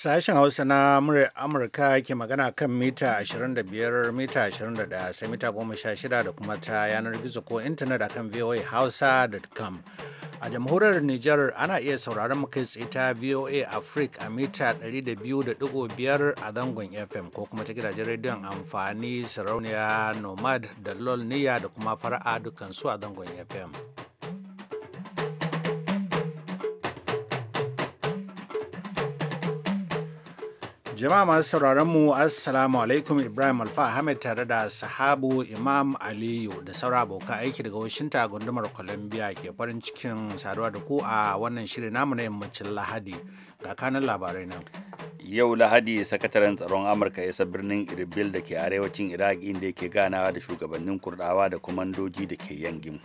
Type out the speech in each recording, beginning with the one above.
Sashen Hausa na murya Amurka ke magana kan mita 25, mita 21, sai mita 16 da kuma ta yanar gizo ko intanet akan voahausa.com. A jamhuriyar Nijar ana iya sauraron mu kai tsaye ta VOA Africa a mita 200.5 a zangon FM ko kuma ta gidajen rediyon amfani sarauniya Nomad da Lol da kuma fara'a dukansu a zangon FM. Jama'a masu sauraron mu Assalamu alaikum Ibrahim Alfa Ahmed tare da sahabu Imam Aliyu da saura abokan aiki daga washinta gundumar Columbia ke farin cikin saduwa da ku a wannan shirin namu na yammacin Lahadi ga kanan labarai nan. Yau Lahadi sakataren tsaron Amurka ya birnin Irbil da ke arewacin Iraq inda yake ganawa da shugabannin Kurdawa da kwamandoji da ke yankin.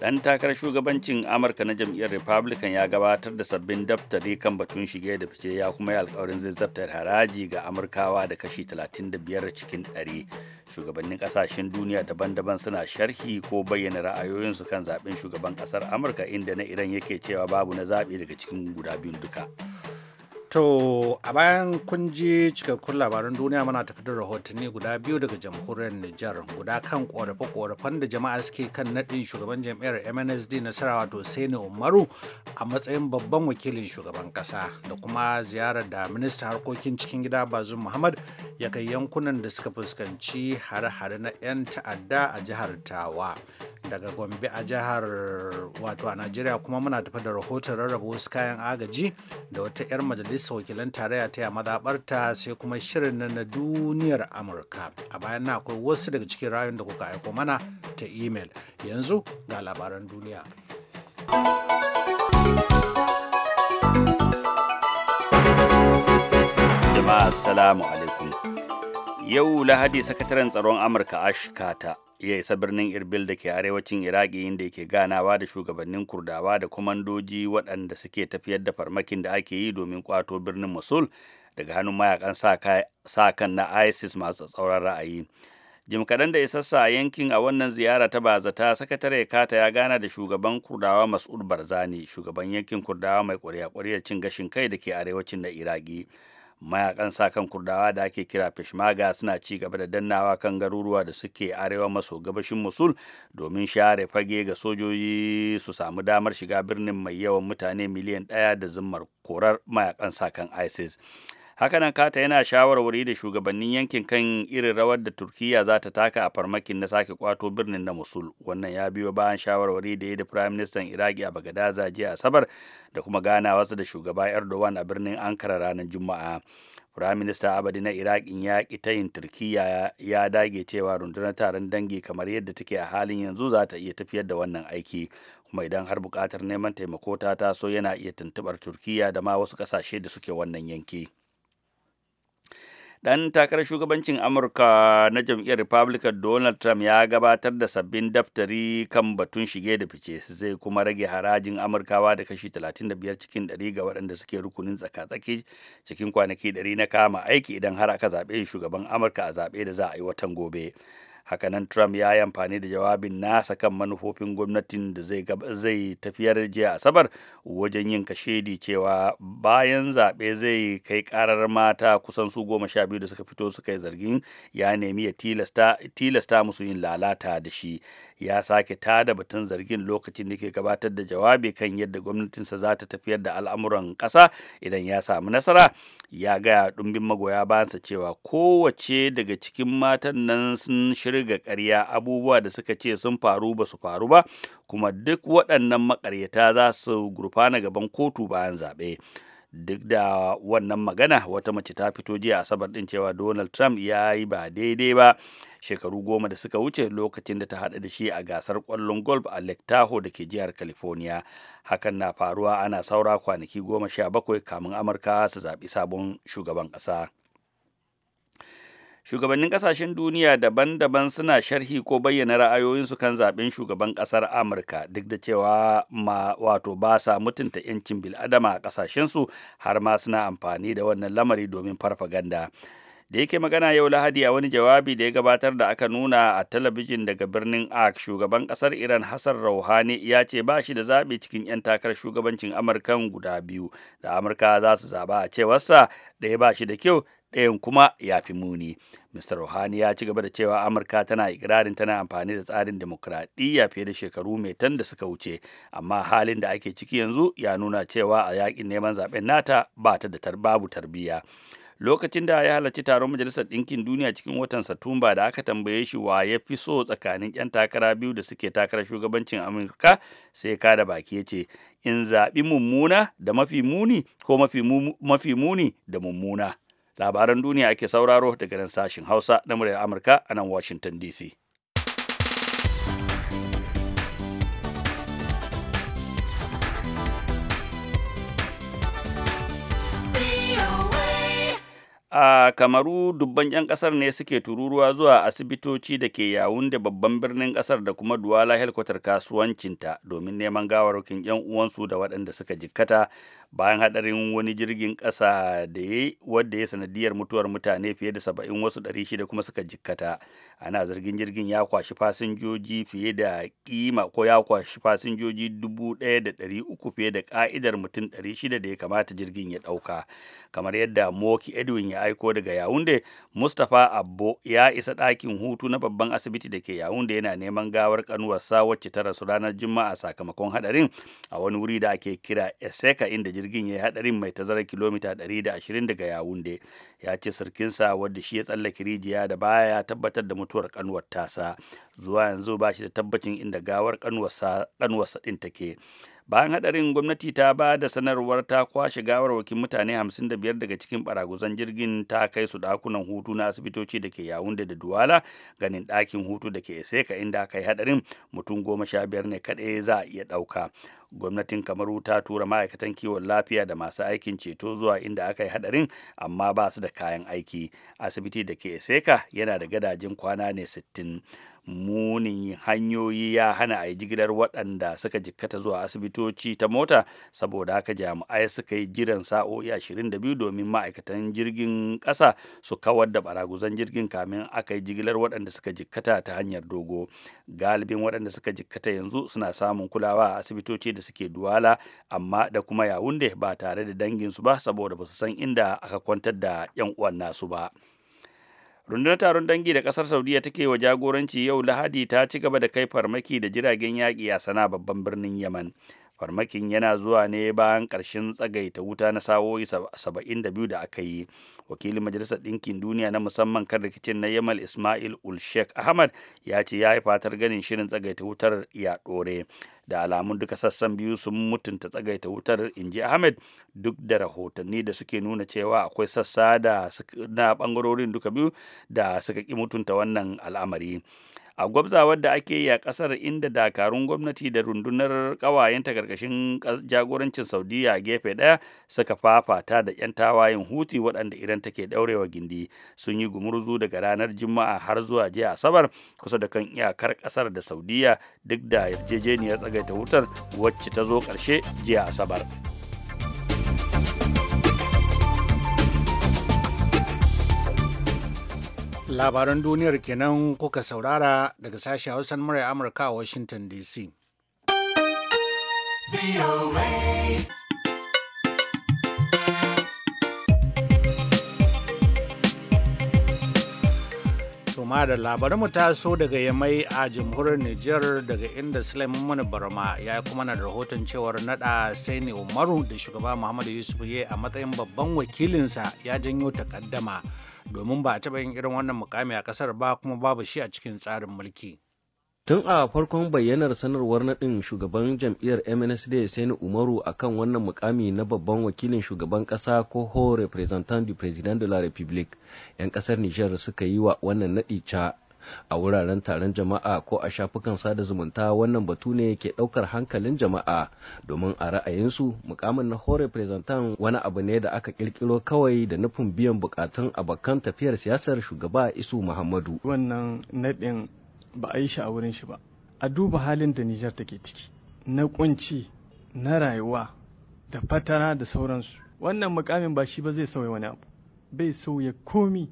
dan takarar shugabancin amurka na jam'iyyar republican ya gabatar da sabbin daftari kan batun shige da fice ya kuma yi alkawarin zai zabta haraji ga amurkawa da kashi 35 cikin 100 shugabannin kasashen duniya daban-daban suna sharhi ko bayyana ra'ayoyinsu kan zaben shugaban kasar amurka inda na iran yake cewa babu na zaɓe daga cikin guda biyun duka To a bayan kun ji cikakkun labaran duniya muna tafi da rahotanni guda biyu daga jamhuriyar Nijar guda kan korafe-korafen da jama'a suke kan naɗin shugaban jam'iyyar MNSD nasara wato Sani Umaru a matsayin babban wakilin shugaban ƙasa da kuma ziyarar da Minista harkokin cikin gida Bazum Muhammad ya kai yankunan da suka fuskanci hare-hare na 'yan ta'adda a jihar Tawa. daga gombe a jihar wato a najeriya kuma muna tafi da rahoton rarraba wasu kayan agaji da wata 'yar majalisa bisa wakilan tarayya ta mazaɓarta sai kuma shirin na duniyar amurka a bayan na akwai wasu daga cikin rayun da kuka aiko mana ta imel yanzu ga labaran duniya jama'a assalamu alaikum yau lahadi sakataren tsaron amurka ash carter ya isa birnin Irbil da ke arewacin Iraki inda yake ganawa da shugabannin Kurdawa da kwamandoji waɗanda suke tafiyar da farmakin da ake yi domin kwato birnin musul daga hannun mayakan sa kan na ISIS masu tsauran ra'ayi. Jim kaɗan da isassa a yankin a wannan ziyara ta bazata sakatare kata ya gana da shugaban kurdawa Mas'ud Barzani shugaban yankin kurdawa mai ƙuri'a ƙuri'a cin gashin kai da ke arewacin da Iraki. mayakan sakan kurdawa da ake kira peshmerga suna ci gaba da dannawa kan garuruwa da suke arewa maso gabashin musul domin share fage ga sojoji su samu damar shiga birnin mai yawan mutane miliyan ɗaya da zimmar korar mayakan sakan isis hakanan kata yana shawarwari da shugabannin yankin kan irin rawar da turkiya za ta taka a farmakin na sake kwato birnin na musul wannan ya biyo bayan shawarwari da ya da prime minister iraki a bagadaza jiya asabar da kuma wasu da shugaba erdogan a birnin ankara ranar juma'a prime minister abadi na iraki ya ki tayin turkiya ya dage cewa rundunar taron dangi kamar yadda take a halin yanzu za ta iya tafiyar da wannan aiki kuma idan har bukatar neman taimako ta taso yana iya tuntubar turkiya da ma wasu kasashe da suke wannan yanki. dan takarar shugabancin amurka na jam'iyyar republican donald trump ya gabatar da sabbin daftari kan batun shige da fice zai kuma rage harajin amurkawa da kashi 35 cikin 100 ga waɗanda suke rukunin tsaka-tsaki cikin kwanaki 100 na kama aiki idan har aka zaɓe shugaban amurka a zaɓe da za a yi watan gobe hakanan trump ya yi amfani da jawabin nasa kan manufofin gwamnatin da zai tafiyar jiya asabar wajen yin kashedi cewa bayan zaɓe zai kai ƙarar mata kusan su goma sha biyu da suka fito suka yi zargin ya nemi ya tilasta musu yin lalata da shi ya sake tada batun zargin lokacin da ke gabatar da jawabi kan yadda gwamnatinsa za ta tafiyar da al'amuran ƙasa idan ya samu nasara ya gaya ɗumbin magoya bayansa cewa kowace daga cikin matan nan sun shirga ƙarya abubuwa da suka ce sun faru ba su faru ba kuma duk waɗannan maƙaryata za su gurfana gaban kotu bayan zaɓe duk da wannan magana wata mace ta fito jiya asabar din cewa donald trump ya yi ba daidai ba shekaru goma da suka wuce lokacin da ta haɗa da shi a gasar kwallon golf a lake tahoe da ke jihar california hakan na faruwa ana saura kwanaki goma sha bakwai kamun amurka su zaɓi sabon shugaban ƙasa. shugabannin kasashen duniya daban-daban suna sharhi ko bayyana ra'ayoyinsu kan zaɓen shugaban ƙasar amurka duk da cewa ma wato ba sa mutunta 'yancin bil'adama a kasashensu har ma suna amfani da wannan lamari domin farfaganda da yake magana yau lahadi a wani jawabi da ya gabatar da aka nuna a talabijin daga birnin ak shugaban kasar iran hassan rouhani ya ce ba shi da zaɓi cikin 'yan takarar shugabancin amurkan guda biyu da amurka za su zaɓa a cewarsa ɗaya ba shi da kyau ɗayan kuma ya fi muni mr rouhani ya ci gaba da cewa amurka tana ikirarin tana amfani da tsarin demokuraɗiyya fiye da shekaru mai tan da suka wuce amma halin da ake ciki yanzu ya nuna cewa a yakin neman zaɓen nata ba ta da babu tarbiyya lokacin da ya halarci taron majalisar ɗinkin duniya cikin watan satumba da aka tambaye shi wa ya fi so tsakanin 'yan takara biyu da suke takarar shugabancin amurka sai ka da baki ya ce in zaɓi mummuna da mafi muni ko mafi muni da mummuna labaran duniya ake sauraro daga nan sashen hausa na muryar amurka a nan washington dc a kamaru dubban 'yan kasar ne suke tururuwa zuwa asibitoci da ke yawun da babban birnin kasar da kuma duwala helkwatar kasuwancinta domin neman gawarwakin 'yan uwansu da waɗanda suka jikkata bayan hadarin wani jirgin ƙasa da ya wadda ya sanadiyar mutuwar mutane fiye da saba'in wasu ɗari kuma suka jikkata ana zargin jirgin ya kwashi fasinjoji fiye da kima ko ya kwashi fasinjoji da ɗari uku fiye da ka'idar mutum 600 da ya kamata jirgin ya ɗauka kamar yadda moki edwin ya aiko daga yawunde mustapha abbo ya isa ɗakin hutu na babban asibiti da ke yawunde yana neman gawar kanuwar kanuwarsa wacce ta rasu ranar juma'a sakamakon hadarin a wani wuri da ake kira eseka inda jirgin ya yi hadarin mai tazarar kilomita 120 daga yawunde ya ce sirkinsa wadda shi ya tsallake rijiya da baya tabbatar da mutuwar kanuwar tasa zuwa yanzu ba shi da tabbacin inda gawar kanuwarsa ɗin take bayan hadarin gwamnati ta ba da sanarwar ta kwashe gawarwakin mutane 55 daga cikin baraguzan jirgin ta kai su dakunan hutu na asibitoci da ke yawunde da duwala ganin dakin hutu da ke eseka inda aka yi hadarin mutum goma sha biyar ne kadai za a iya ɗauka gwamnatin kamaru ta tura ma'aikatan kiwon lafiya da masu aikin ceto zuwa inda aka yi hadarin amma ba su da kayan aiki asibiti da ke eseka yana da gadajin kwana ne 60 munin hanyoyi ya hana a yi jigilar waɗanda suka jikkata zuwa asibitoci ta mota saboda haka jami'ai suka yi jiran sa'o'i 22 domin ma'aikatan jirgin ƙasa su kawar da baraguzan jirgin kamin aka yi jigilar waɗanda suka jikkata ta hanyar dogo galibin waɗanda suka jikkata yanzu suna samun kulawa a asibitoci da suke duwala amma da kuma yawunde ba tare da danginsu ba saboda ba su san inda aka kwantar da 'yan uwan nasu ba. rundunar taron dangi da kasar saudiya take wa jagoranci yau lahadi ta ci gaba da kai farmaki da jiragen yaƙi a sana babban birnin yaman farmakin yana zuwa ne bayan ƙarshen tsagaita wuta na sa'o'i 72 da aka yi wakilin majalisar ɗinkin duniya na musamman kan rikicin na yamal ismail ul ulshek ahmad ya ce ya yi fatar ganin shirin tsagaita wutar ya ɗore da alamun duka sassan biyu sun mutunta tsagaita wutar inji ahmed duk da rahotanni da suke nuna cewa akwai sassa da na bangarorin duka biyu da suka ki mutunta wannan al'amari a gwabza wadda ake yi a kasar inda dakarun gwamnati da rundunar kawayenta karkashin jagorancin saudiya gefe daya suka fafata da 'yan tawayen huti waɗanda idan take daurewa gindi sun yi gumurzu daga ranar juma'a har zuwa jiya asabar kusa da kan iyakar kasar da saudiya duk da yarjejeniyar tsagaita wutar wacce ta zo ƙarshe jiya asabar. labaran duniyar kenan kuka saurara daga sashen hausan murar amurka a washington dc Tuma da labarin mu so daga yamai a jamhuriyar Nijar daga inda Sulaiman Mani Barma ya yi kuma na rahoton cewar nada Saini Umaru da shugaba Muhammadu Yusuf ya a matsayin babban wakilinsa ya janyo takaddama. domin ba a taɓa yin irin wannan mukami a ƙasar ba kuma babu shi a cikin tsarin mulki. Tun a farkon bayyanar sanarwar naɗin shugaban jam'iyyar MNSD Sani Umaru a kan wannan mukami na babban wakilin shugaban ƙasa ko ho representant du president de la republique 'yan ƙasar Nijar suka yi wa wannan naɗi ca a wuraren taron jama'a ko a shafukan sada zumunta wannan batu ne ke ɗaukar hankalin jama'a domin a ra'ayinsu mukamin na hore presentan wani abu ne da aka kirkiro kawai da nufin biyan bukatun abokan tafiyar siyasar shugaba isu muhammadu wannan naɗin ba a yi shi a wurin shi ba a duba halin da nijar take ciki na kunci na rayuwa da fatara da sauransu wannan mukamin ba shi ba zai sauya wani abu bai sauya komi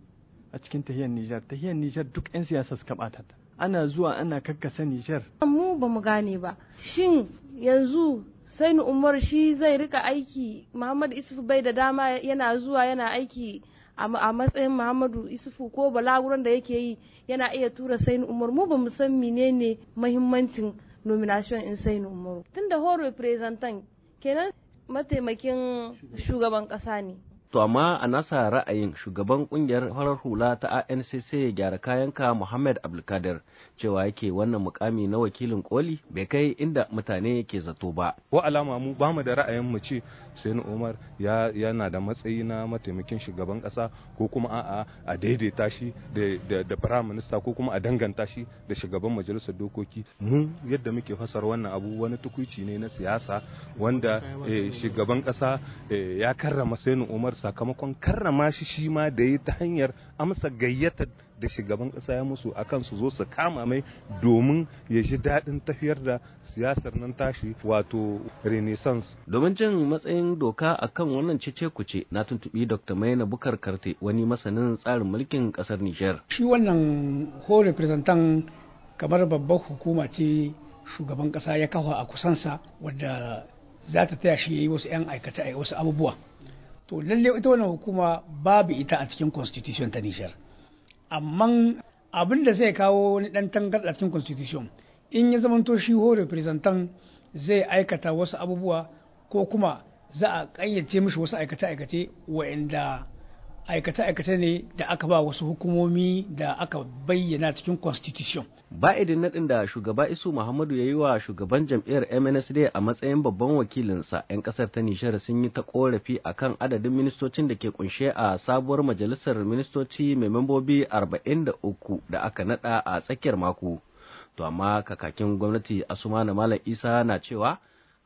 a cikin tahiyar Nijar tahiyar Nijar duk 'yan siyasa suka bata ta ana zuwa ana kakkasa Nijar mu ba mu gane ba shin yanzu Sainu Umar shi zai rika aiki muhammadu Isufu bai da dama yana zuwa yana aiki a matsayin Muhammadu Isufu ko balaguran da yake yi yana iya tura Sainu Umar mu ba mu san menene muhimmancin nomination in Sainu Umar tunda horo representant kenan mataimakin shugaban kasa ne To amma a nasa ra'ayin shugaban kungiyar farar hula ta ANCC gyara kayanka Muhammad Abdulkadir cewa yake wannan mukami na wakilin koli bai kai inda mutane ke zato ba. ko alama mu ba mu da ra'ayin mu ce ni Umar yana da matsayi na mataimakin shugaban kasa ko kuma a'a a daidaita shi da da prime minister ko kuma a danganta shi da shugaban majalisar dokoki. Mu yadda muke fasar wannan abu wani tukuici ne na siyasa wanda eh, shugaban kasa eh, ya karrama ni Umar sakamakon karrama shi shi ma da yi ta hanyar amsa gayyata da shugaban kasa ya musu akan su zo su kama mai domin ya ji daɗin tafiyar da siyasar nan tashi wato renaissance. Domin jin matsayin doka akan wannan cece kuce na tuntuɓi Dr. Maina Bukar Karte wani masanin tsarin mulkin ƙasar Nijar. Shi wannan ko representant kamar babbar hukuma ce shugaban ƙasa ya kafa a kusansa wadda za ta taya shi ya yi wasu 'yan aikata a wasu abubuwa. to lalle ita wannan hukuma babu ita a cikin constitution ta Nijar amma abin da zai kawo wani dan tangarda cikin constitution in ya zamanto shi ho representant zai aikata wasu abubuwa ko kuma za a ƙayyace mishi wasu aikace-aikace waɗanda. aikace-aikace ne da aka ba wasu hukumomi da aka bayyana cikin constitution. Ba idin naɗin da shugaba Isu Muhammadu ya yi wa shugaban jam'iyyar MNSD a matsayin babban wakilinsa 'yan kasar ta Nishar sun yi ta korafi a kan adadin ministocin da ke kunshe a sabuwar majalisar ministoci mai membobi 43 da aka naɗa a tsakiyar mako. To amma kakakin gwamnati na Malam Isa na cewa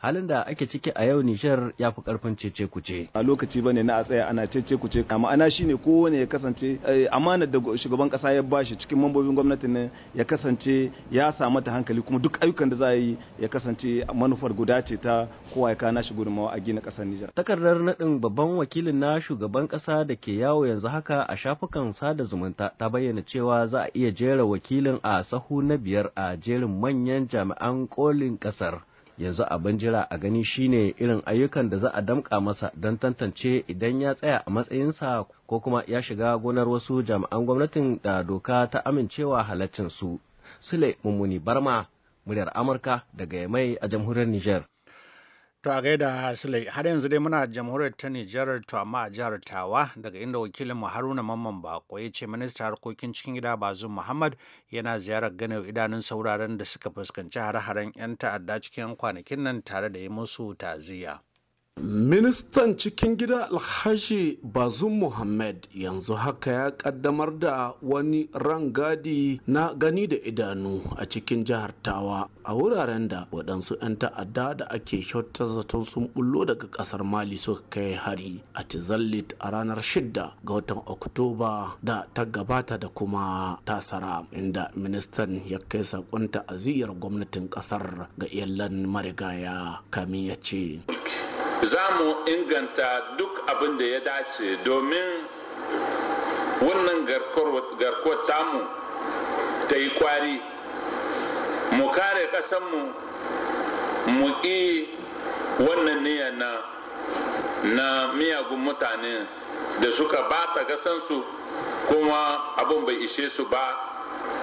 halin da ake ciki a yau Nijar ya fi karfin cece kuce. A lokaci ba ne na a tsaya ana cece kuce, ma'ana shi ne kowane ya kasance eh, amanar da shugaban kasa ya bashi cikin mambobin gwamnati ne ya kasance ya samu ta hankali kuma duk ayyukan da za a yi ya kasance manufar guda ce ta kowa ya kana shi gudunmawa a gina kasar Nijar. Takardar naɗin babban wakilin na shugaban kasa da ke yawo yanzu haka a shafukan sada zumunta ta bayyana cewa za a iya jera wakilin a sahu na biyar a jerin manyan jami'an kolin kasar. yanzu abin jira a gani shine irin ayyukan da za a damƙa masa don tantance idan ya tsaya a matsayinsa ko kuma ya shiga gonar wasu jami'an gwamnatin da doka ta amincewa halaccinsu sule mummuni barma muryar amurka daga yamai a jamhuriyar nijar. To a gaida Sulai, har yanzu dai muna jamhuriyar ta Nijar to amma a jihar Tawa daga inda wakilin mu Haruna Mamman Bako ya ce minista harkokin cikin gida Bazu Muhammad yana ziyarar ganin idanun sauraren da suka fuskanci hare-haren 'yan ta'adda cikin kwanakin nan tare da yi musu taziya. Ministan cikin gida Alhaji Bazum Muhammad yanzu haka ya kaddamar da wani ran gadi na gani da idanu a cikin jihar Tawa a wuraren da waɗansu 'yan ta'adda da ake kyautar zaton sun bullo daga ƙasar Mali suka kai hari a Tizallit a ranar 6 ga watan Oktoba da ta gabata da kuma tasara inda ministan ya kai saƙon ta'aziyar gwamnatin ƙasar ga iyalan marigaya kamin ya ce. za mu inganta duk abin da ya dace domin wannan garkuwar tamu ta yi kwari mu kare kasanmu mu ƙi wannan niyya na na miyagun mutane da suka ba bata kasansu kuma abin bai ishe su ba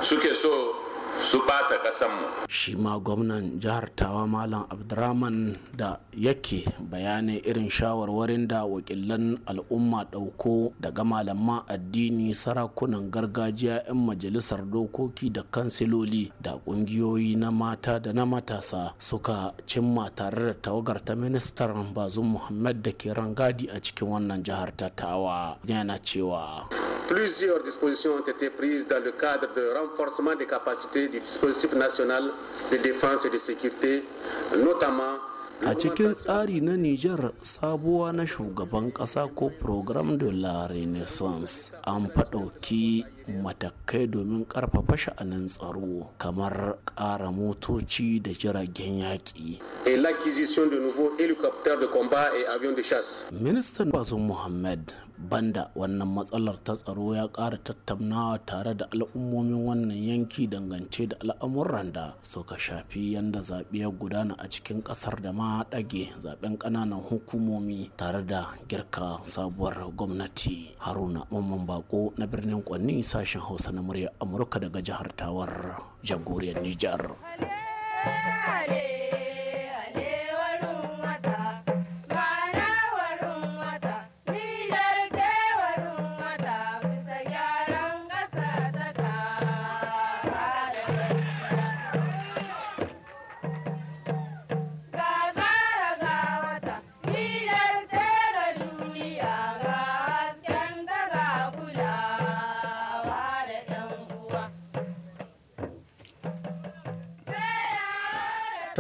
suke so su kasan mu shi ma gwamnan jihar tawa malam abdurrahman da yake bayanin irin shawarwarin da wakilan al'umma dauko daga malaman addini sarakunan gargajiya 'yan majalisar dokoki da kansiloli da ƙungiyoyi na mata da na matasa suka cimma tare da tawagar ta ministan bazum muhammad da ke rangadi a cikin wannan jihar ta tawa yana cewa Plusieurs dispositions ont été prises dans le cadre de renforcement des capacités du dispositif national de défense et de sécurité, notamment a cikin tsari na Nijar sabuwa na shugaban ƙasa ko program de la renaissance an faɗauki matakai domin ƙarfafa sha'anin tsaro kamar ƙara motoci da jiragen yaƙi. de de de Ministan Bazum Muhammad banda wannan matsalar ta tsaro ya ƙara tattaunawa tare da al'ummomin wannan yanki dangance da al'amuran da suka shafi yadda zaɓe ya gudana a cikin ƙasar da ma ɗage zaɓen ƙananan hukumomi tare da girka sabuwar gwamnati haruna mamman bako na birnin kwanni sashen hausa na murya amurka daga jihar tawar jagoriyar nijar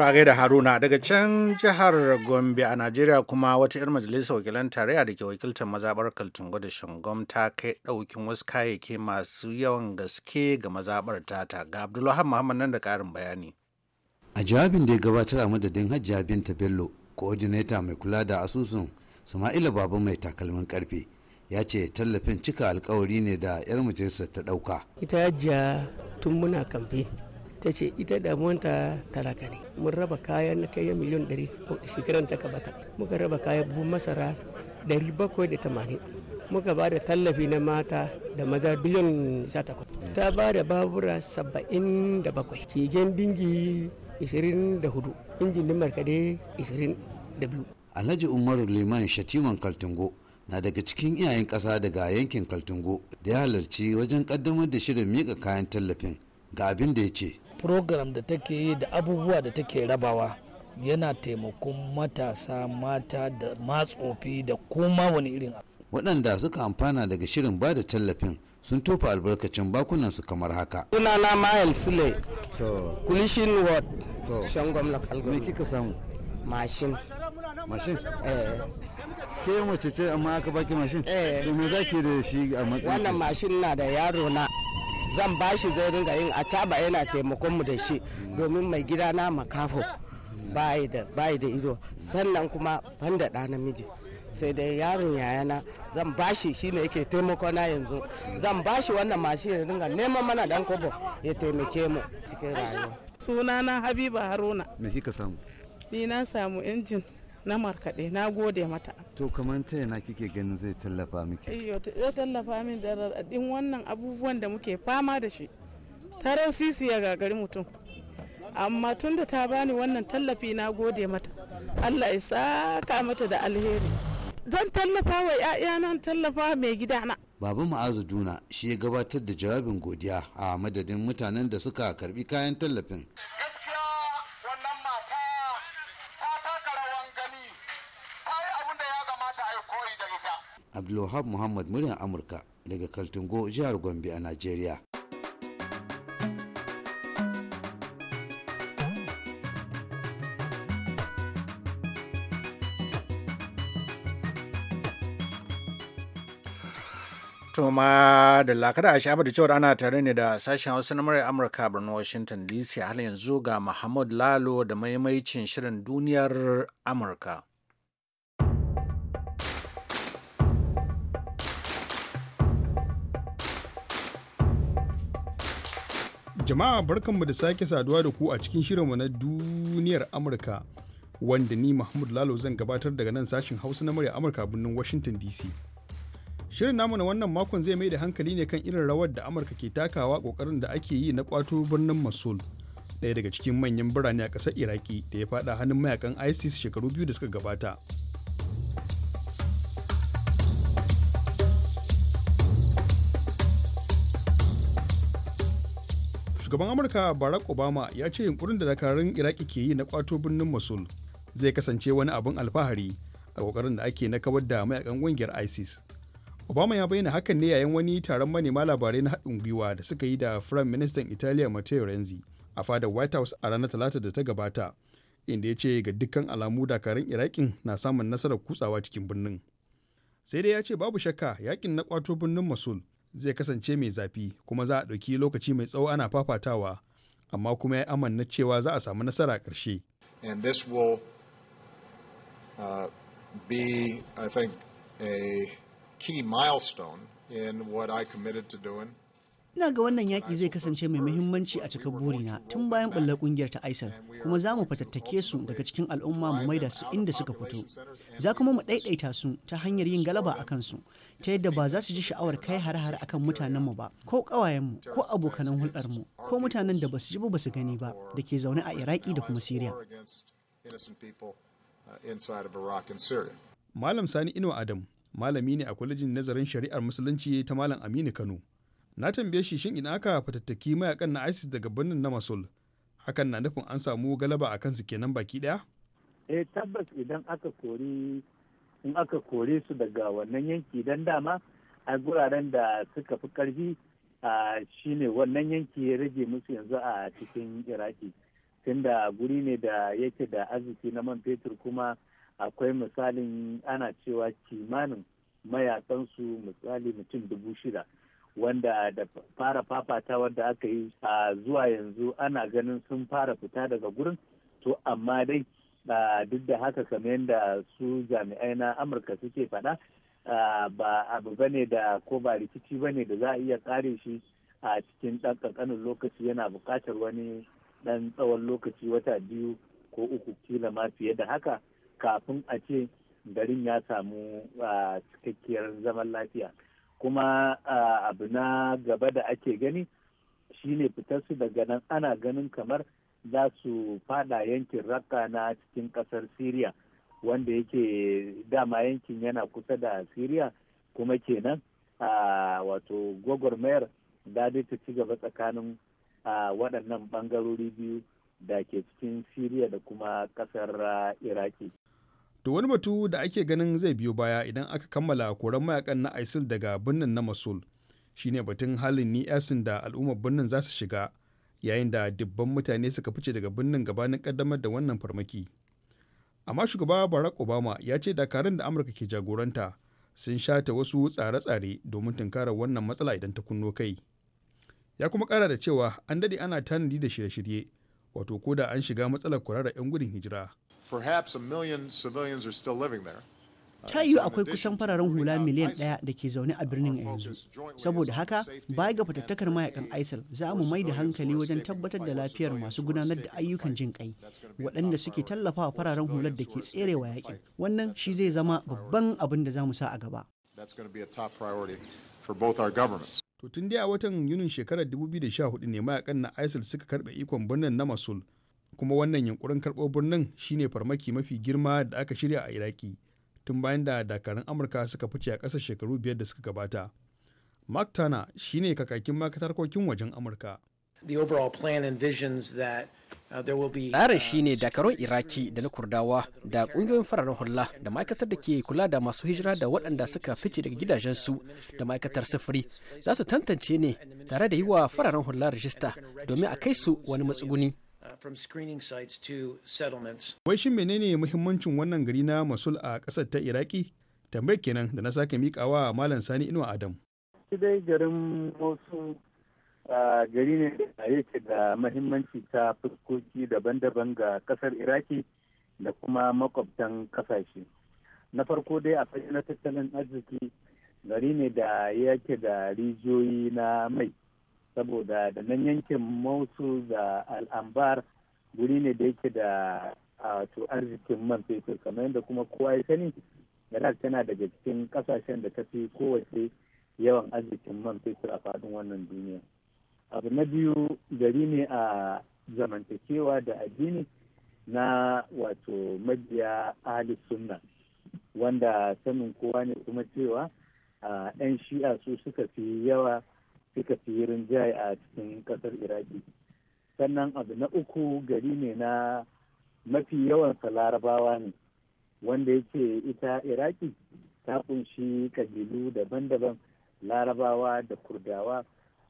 a da haruna daga can jihar gombe a najeriya kuma wata 'yar majalisar wakilan tarayya da ke wakiltar mazabar kaltungo da shingom ta kai ɗaukin wasu kayayyaki masu yawan gaske ga mazabar tata ga abdullahi muhammad nan da karin bayani a jawabin da ya gabatar a madadin hajjiya binta bello koordinata mai kula da asusun sama'ila baba mai takalmin karfe ya ce tallafin cika alkawari ne da 'yar majalisar ta ɗauka ita yajiya tun muna kamfe ta ce ita damuwanta talaka ne mun raba kayan na kai miliyan 100 shekaran ta kabata muka raba kayan buhun masara 780 muka ba da tallafi na mata da maza biliyan 18 ta ba da babura 77 keken dingi 24 injin din markade 22 alhaji umaru liman shatiman kaltungo na daga cikin iyayen ƙasa daga yankin kaltungo da ya halarci wajen ƙaddamar da shirin miƙa kayan tallafin ga abin da ya ce program da take yi da abubuwa da take rabawa yana taimakon matasa mata da matsofi da kuma wani irin waɗanda suka amfana daga shirin ba da tallafin sun tofa albarkacin su kamar haka. na Mahel Sule, Kulishin Ward, Shangon Local Me kika samu? Mashin. Mashin? Eh. Ke mace ce amma aka baki mashin? Eh. To me zaki da shi a matsayin? Wannan mashin na da yaro na. zan bashi zai ringa yin acaba yana taimakon mu da shi domin mai gida na makafo bayi da ido sannan kuma banda da namiji sai dai yaron yayana zan bashi ne yake taimako na yanzu zan bashi wannan mashin ya ringa neman mana dan kobo ya taimake mu cikin rayuwa sunana habiba haruna me kika samu ni na samu injin na markaɗe na gode mata to kamar ta yana kike ganin zai tallafa miki iyo tallafa min da raɗaɗin wannan abubuwan da muke fama da shi ta sisi ya gagari mutum amma tun da ta bani wannan tallafi na gode mata allah ya saka mata da alheri zan tallafa wa 'ya'yana tallafa mai gidana Baba Ma'azu Duna shi ya gabatar da jawabin godiya a madadin mutanen da suka karbi kayan tallafin. abdulwahab muhammad muryar amurka daga kaltungo jihar gombe a najeriya Toma da lakada a shafa da cewar ana tare ne da sashen hausa na murar Amurka birnin Washington DC har yanzu ga Muhammad Lalo da maimaicin shirin duniyar Amurka. Jama'a barkanmu da sake saduwa da ku a cikin shirinmu na duniyar Amurka wanda ni Mahmud Lalo zan gabatar daga nan sashin Hausa na murya Amurka birnin Washington DC. Shirin namu na wannan makon zai mai da hankali ne kan irin rawar da Amurka ke takawa kokarin da ake yi na kwato birnin Mosul. ɗaya daga cikin manyan birane a ƙasar iraki da ya faɗa hannun mayakan isis shekaru biyu da suka gabata shugaban amurka barack obama ya ce yunkurin da dakarun iraki ke yi na kwato birnin mosul zai kasance wani abin alfahari a kokarin da ake na kawar da mayakan kungiyar isis obama ya bayyana hakan ne yayin wani taron manema labarai na haɗin gwiwa da suka yi da firayim ministan italiya matteo renzi a fadar white house a ranar talata da ta gabata inda ya ce ga dukkan alamu dakarun irakin na samun nasarar kutsawa cikin birnin sai dai ya ce babu shakka yakin na kwato birnin mosul zai kasance mai zafi kuma za a ɗauki lokaci mai tsawo ana fafatawa amma kuma ya yi amanna cewa za a samu nasara a ƙarshe. And this will uh, be, I think, a key milestone in what I committed to doing. ina ga wannan yaƙi zai kasance mai muhimmanci a cikin burina tun bayan ɓullar ƙungiyar ta isil kuma za mu fatattake su daga cikin al'umma mu maida su inda suka fito za kuma mu ɗaiɗaita su ta hanyar yin galaba a kansu ta yadda ba za su ji sha'awar kai har-har akan mutanenmu ba ko ƙawayenmu ko abokanan hulɗarmu ko mutanen da ba su ji ba ba su gani ba da ke zaune a iraki da kuma siriya malam sani ino adam malami ne a kwalejin nazarin shari'ar musulunci ta malam aminu kano na tambaye shi shin ina aka fatattaki mayakan na isis daga birnin na masul hakan na nufin an samu galaba a kansu kenan baki daya eh tabbas idan aka kori in aka kore su daga wannan yanki dan dama a guraren da suka fi karfi a shine wannan yanki ya rage musu yanzu a cikin iraki tunda guri ne da yake da arziki na man fetur kuma akwai misalin ana cewa kimanin mayakansu misali mutum dubu shida wanda da fara fafata wanda aka yi a zuwa yanzu ana ganin sun fara fita daga gurin to amma dai duk da haka kamar yadda su jami'ai na amurka suke faɗa ba abu bane da ko ba rikici bane da za a iya kare shi a cikin ɗan ƙanƙanin lokaci yana bukatar wani ɗan tsawon lokaci wata biyu ko uku kila ma fiye da haka kafin a ce garin ya samu cikakkiyar zaman lafiya. kuma abu na gaba da ake gani shine su daga nan ana ganin kamar za su fada yankin raƙa na cikin kasar syria wanda yake dama yankin yana kusa da syria kuma kenan a wato gwagwarmayar za ta ci gaba tsakanin waɗannan ɓangarori biyu da ke cikin syria da kuma kasar iraki To wani batu da ake ganin zai biyo baya idan aka kammala koran mayakan na ISIL daga birnin na Mosul shine batun halin ni yasin da al'ummar birnin za su shiga yayin da dubban mutane suka fice daga birnin gabanin kaddamar da wannan farmaki. Amma shugaba Barack Obama ya ce dakarun da Amurka ke jagoranta sun shata wasu tsare-tsare domin tunkarar wannan matsala idan ta kunno kai. Ya kuma kara da cewa an dade ana tanadi da shirye-shirye wato ko da an shiga matsalar kurarar 'yan gudun hijira. Uh, ta yiwu akwai kusan fararen hula miliyan ɗaya da ke zaune a birnin a yanzu saboda haka baya ga fatattakar mayakan isil za mu mai da hankali wajen tabbatar da lafiyar masu gudanar da ayyukan jin kai waɗanda suke wa fararen hular da ke tserewa yakin wannan shi zai zama babban abin da za mu sa a gaba to tun dai a watan yunin shekarar 2014 ne mayakan na isil suka karɓe ikon birnin na masul kuma wannan yunkurin karɓo birnin shine farmaki mafi girma da aka shirya a iraki tun bayan da dakarun amurka suka fice a ƙasar shekaru biyar da suka gabata mark tana shine kakakin makatar harkokin wajen amurka uh, uh, tsarin shine dakarun iraki da na kurdawa da kungiyoyin fararen hula da ma'aikatar da ke kula da masu hijira da waɗanda suka fice daga gidajensu da ma'aikatar sufuri za su tantance ne tare da yi wa fararen hula rajista domin a kai su wani matsuguni Uh, from screening sites to settlements. Wai shin menene muhimmancin wannan gari na Mosul a ƙasar ta Iraki? Tambayar kenan da na sake a Malam Sani Inuwa Adam. Dai garin wasu uh, gari ne da yake da mahimmanci ta fuskoki daban-daban ga ƙasar Iraki da kuma makwabtan ƙasashe. Na farko dai a na tattalin arziki gari ne da yake da rijiyoyi na mai. saboda da nan yankin mausu da al'ambar guri ne da yake da to arzikin man fetur kamar yadda kuma kowa ya sani Iraq tana daga cikin kasashen da ta fi kowace yawan arzikin man fetur a faɗin wannan duniya. Abu na biyu gari ne a zamantakewa da addini na wato majiya ahli sunna wanda sanin kowa ne kuma cewa 'yan shi'a su suka fi yawa suka fi rinjaye a cikin kasar iraki sannan abu na uku gari ne na mafi yawan larabawa ne wanda yake ita iraki ta kunshi kabilu daban-daban larabawa da kurdawa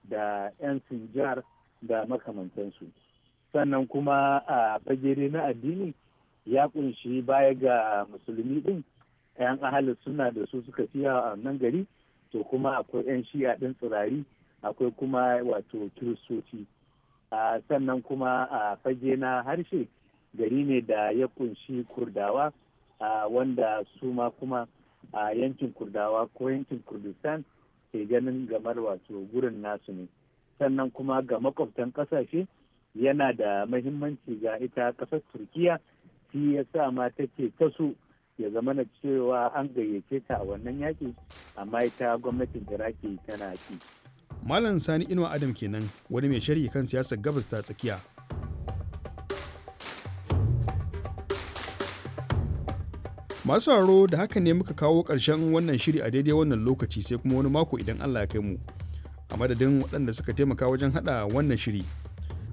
da 'yan sinjar da makamantansu sannan kuma a fagere na addini ya kunshi baya ga musulmi din 'yan ahali suna da su suka fiya a nan gari to kuma akwai 'yan shi'a din tsirari akwai kuma wato kiristoci sannan kuma a fage na harshe gari ne da ya kunshi kurdawa wanda su ma kuma a yankin kurdawa ko yankin kurdistan ke ganin gamar wato gurin nasu ne sannan kuma ga makwabtan kasashe yana da mahimmanci ga ita kasar turkiya shi ya sa ma take ta su ya zama na cewa an gayyace ta a wannan yaƙi amma ita gwamnatin iraki tana ci. Malam Sani Inuwa Adam kenan wani mai sharhi kan siyasar gabas ta tsakiya. Masu haro da haka ne muka kawo ƙarshen wannan shiri a daidai wannan lokaci sai kuma wani mako idan Allah ya kai mu. A madadin waɗanda suka taimaka wajen haɗa wannan shiri.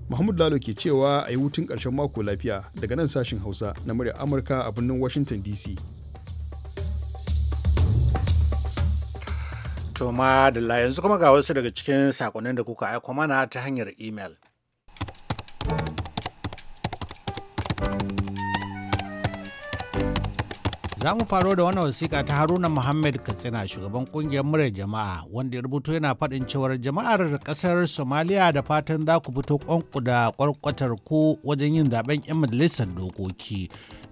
Mahmud Lalo ke cewa a yi hutun ƙarshen mako lafiya daga nan sashin Hausa na murya Amurka a birnin Washington DC. To ma da yanzu kuma ga wasu daga cikin sakonnin da kuka aiko mana ta hanyar imel. Za mu faro da wannan wasiƙa ta Haruna Muhammad Katsina shugaban ƙungiyar murar jama'a wanda ya rubuto yana faɗin cewar jama'ar ƙasar Somaliya da fatan za ku fito ƙwanku da ƙwarƙwatar ku wajen yin zaɓen 'yan majalisar dokoki.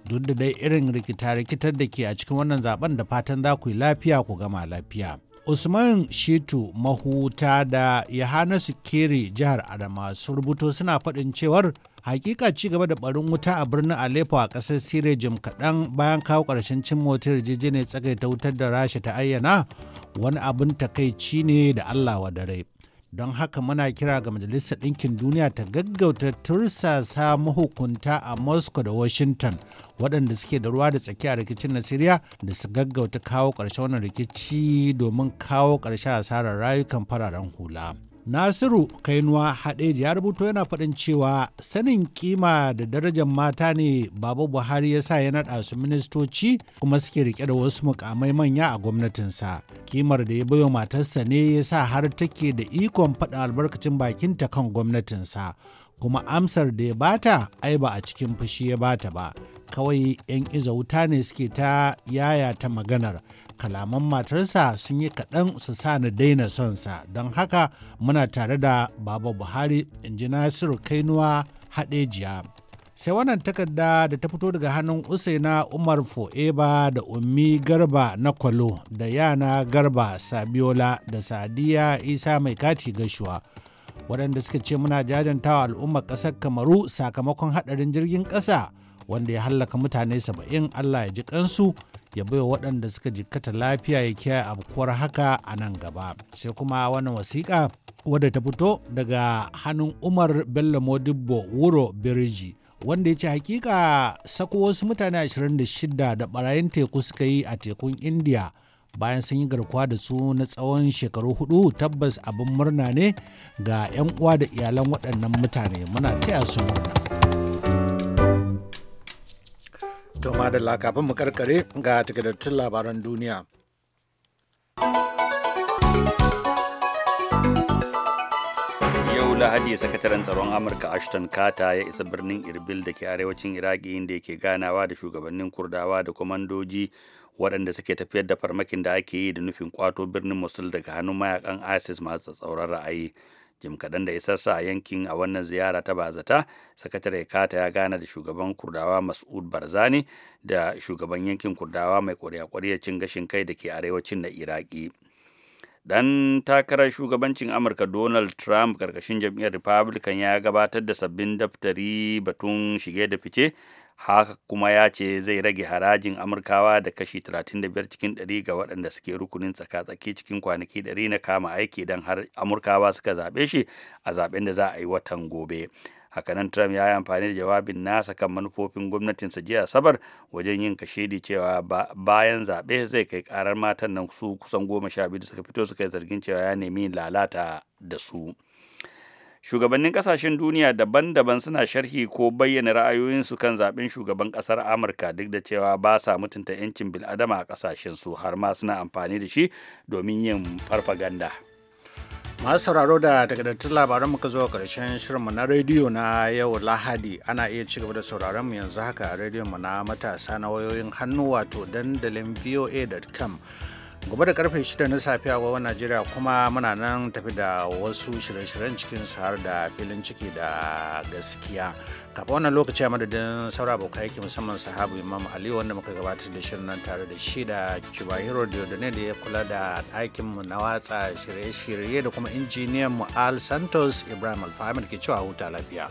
Duk da dai irin rikita-rikitar da ke a cikin wannan zaɓen da fatan za ku yi lafiya ku gama lafiya. usman shetu mahuta da yahanasu Kiri jihar adama sun rubuto suna faɗin cewar hakika ci gaba da barin wuta a birnin Aleppo a ƙasar Siriya jim kaɗan bayan kawo ƙarshen cin mota yarjejeniyar tsagaita wutar da Rasha ta ayyana wani abin takaici ne da Allah wa dare. don haka muna kira ga majalisar ɗinkin duniya ta gaggauta tursasa mahukunta a moscow da washington waɗanda suke da ruwa da tsaki a rikicin na siriya da su gaggauta kawo ƙarshen wannan rikici domin kawo ƙarshen asarar rayukan fararen hula Nasiru Kainuwa Hadeji ya rubuto yana faɗin cewa sanin kima da darajar mata ne Baba Buhari ya sa ya naɗa su ministoci kuma suke rike da wasu mukamai manya a gwamnatinsa. Kimar da ya baiwa matarsa ne ya sa har take da ikon faɗin albarkacin bakinta kan gwamnatinsa. Kuma amsar da ya bata ai ba a cikin fushi ya bata ba. Kawai 'yan iza wuta ne suke ta yaya ta maganar. kalaman matarsa sun yi kaɗan su sa ni daina son sa don haka muna tare da baba buhari inji nasiru kainuwa haɗejiya sai wannan takarda da ta fito daga hannun usaina umar fo'eba da ummi garba na kwalo da yana garba sabiola da sadiya isa mai kati gashuwa waɗanda suka ce muna jajantawa al'ummar ƙasar kamaru sakamakon haɗarin jirgin ƙasa wanda ya hallaka mutane saba'in allah ya ji kansu ya baiwa waɗanda suka jikkata lafiya ya kiyaye abkuwar haka a nan gaba sai kuma wannan wasiƙa wadda ta fito daga hannun umar bello modibbo wuro birji wanda ya ce hakika sako wasu mutane 26 da barayin teku suka yi a tekun india bayan sun yi garkuwa da su na tsawon shekaru hudu tabbas abin murna ne ga 'yan uwa da iyalan waɗannan mutane muna taya su murna. To madalla kafin mu karkare ga takardattun labaran duniya. Yau Lahadi sakataren tsaron Amurka Ashton Carter ya isa birnin Irbil da ke arewacin Iraki inda yake ganawa da shugabannin Kurdawa da kwamandoji waɗanda suke tafiyar da farmakin da ake yi da nufin kwato birnin Mosul daga hannun mayakan ISIS masu tsatsauran ra'ayi. jim kaɗan da isarsa a yankin a wannan ziyara ta bazata sakatare kata ya gana da shugaban kurdawa mas'ud barzani da shugaban yankin kurdawa mai kwariya-kwariya cin gashin kai da ke arewacin na iraki dan takarar shugabancin amurka donald trump karkashin jam'iyyar republican ya gabatar da sabbin daftari batun shige da fice haka kuma ya ce zai rage harajin amurkawa da kashi 35 cikin 100 ga waɗanda suke rukunin tsaka-tsaki cikin kwanaki 100 na kama aiki don har amurkawa suka zaɓe shi a zaɓen da za a yi watan gobe hakanan trump ya yi amfani da jawabin nasa kan manufofin gwamnatinsa jiya asabar wajen yin kashidi cewa bayan zaɓe zai kai karar matan nan su kusan goma sha biyu suka fito suka yi zargin cewa ya nemi lalata da su shugabannin kasashen duniya daban-daban suna sharhi ko bayyana ra'ayoyinsu kan zaɓen shugaban ƙasar amurka duk da cewa ba sa mutunta 'yancin bil'adama a ƙasashen su har ma suna amfani da shi domin yin farfaganda masu sauraro da takaddatun labaran muka zo karshen shirinmu na rediyo na yau lahadi ana iya ci gaba da sauraron mu yanzu haka a rediyon mu na matasa na wayoyin hannu wato dandalin voa.com gobe da karfe 6 na safe a najeriya kuma muna nan tafi da wasu shirye-shiryen cikin su har da filin ciki da gaskiya kafa wannan lokaci a madadin saura abokan aiki musamman sahabu imam ali wanda muka gabatar da shirin nan tare da shi da cuba hero da ne da ya kula da ɗakin mu na watsa shirye-shirye da kuma injiniyan mu al santos ibrahim alfahamid ke cewa huta lafiya